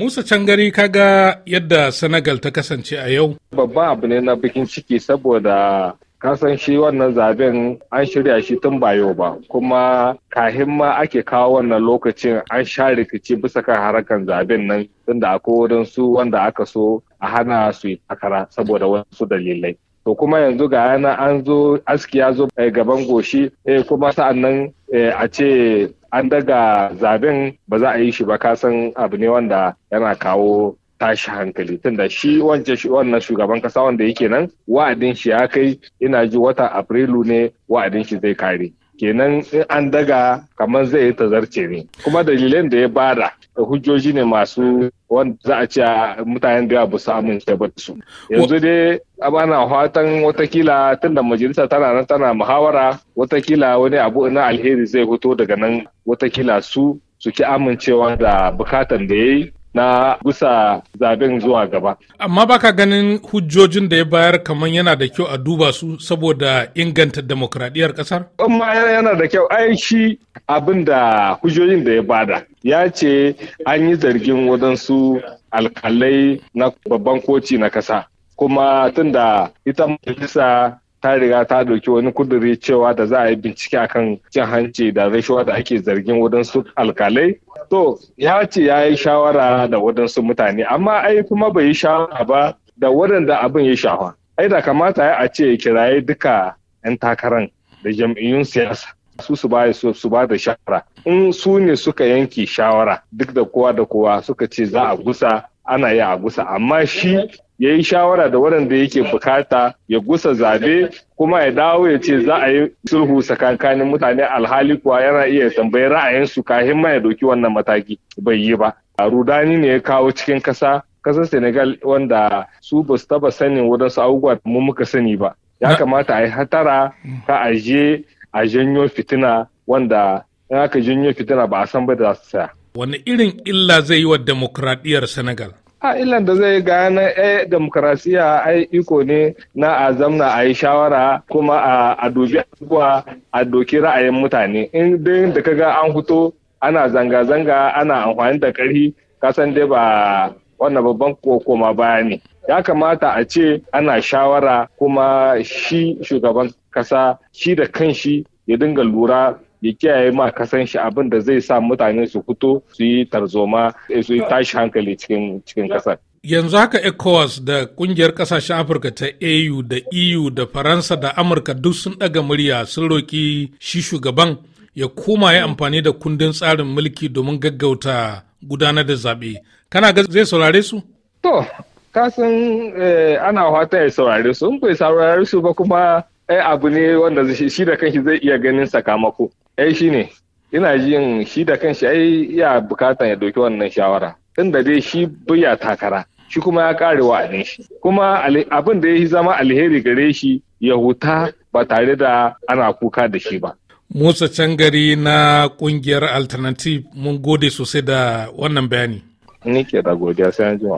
Musa Cangari kaga yadda Senegal ta kasance a yau. Babban abu ne na bikin ciki saboda kasan shi wannan zaben an shirya shi tun ba ba kuma kahin ma ake kawo wannan lokacin an sha rikici bisa kan harakan zaben nan tunda akwai wurin su wanda aka so a hana su yi takara saboda wasu dalilai. to kuma yanzu ga yana an zo aski ya zo eh, gaban goshi eh, kuma sa'an nan eh, a ce an daga zaben ba za a yi shi ba kasan abu ne wanda yana kawo tashi hankali tunda shi wancan wannan shugaban kasa wanda yake nan wa'adin shi ya kai ina ji wata afrilu ne wa'adin shi zai kare kenan in an daga kamar zai yi ta zarce ne kuma dalilan da ya bada hujjoji ne masu wanda za a ce mutanen da ba su amince ba su yanzu dai abana hatan watakila tunda majalisa tana nan tana muhawara watakila wani abu na alheri zai fito daga nan watakila su suke amincewa da bukatan da ya yi na gusa zaben zuwa gaba. Amma baka ganin hujjojin da ya bayar kamar yana da kyau a duba su saboda inganta demokradiyyar kasar? Amma yana da kyau ai shi abin da hujjojin da ya bada. Ya ce an yi zargin wadansu alkalai na babban koci na kasa. Kuma tunda ita majalisa ta riga ta ɗauki wani kuduri cewa da za a yi bincike akan cin hanci da rashawa da ake zargin wadansu alkalai to ya ce ya yi shawara da wadansu mutane amma ai kuma bai yi shawara ba da waɗanda abin ya shafa ai da kamata ya a ce kiraye duka 'yan takaran da jam'iyyun siyasa su su ba su ba da shawara in su ne suka yanke shawara duk da kowa da kowa suka ce za a gusa ana yi a gusa amma shi ya yi shawara da waɗanda yake bukata ya gusa zabe kuma ya dawo ya ce za a yi sulhu tsakankanin mutane alhali kuwa yana iya tambayi ra'ayinsu kafin ma ya doki wannan mataki bai yi ba rudani ne ya kawo cikin kasa kasar senegal wanda su ba su taba sanin su abubuwa mu muka sani ba ya kamata a yi hatara ka aje a janyo fitina wanda in aka janyo fitina ba a san ba da za su saya wani irin illa zai yi wa demokradiyyar senegal a ilan da zai gane eh demokrasiya ai iko ne na a zamna a yi shawara kuma a dubi abubuwa a doki ra'ayin mutane in dai da kaga an fito ana zanga-zanga ana amfani da ƙarfi kasan dai ba wannan babban koma baya ne ya kamata a ce ana shawara kuma shi shugaban kasa shi da kanshi ya dinga lura ya kiyaye ma kasan shi abin da zai sa mutane su fito su yi tarzoma eh, su yi tashi hankali cikin cikin kasar yanzu haka ecowas da kungiyar kasashen afirka ta au da eu da faransa da amurka duk sun daga murya sun roki shi shugaban ya koma ya amfani da kundin tsarin mulki domin gaggauta gudanar da zaɓe kana ga zai saurare su to kasan eh, ana fata ya saurare su in bai saurare su ba kuma eh, abu ne wanda shi da kanshi zai iya ganin sakamako ai shi ne ina jin shi da kanshi ai ya bukatan ya doki wannan shawara tunda dai shi biya takara shi kuma ya kare wa'adin shi kuma abin da ya yi zama alheri gare shi ya huta ba tare da ana kuka da shi ba Musa gari na kungiyar Alternative mun gode sosai da wannan bayani. Ni ke da godiya sai an jima.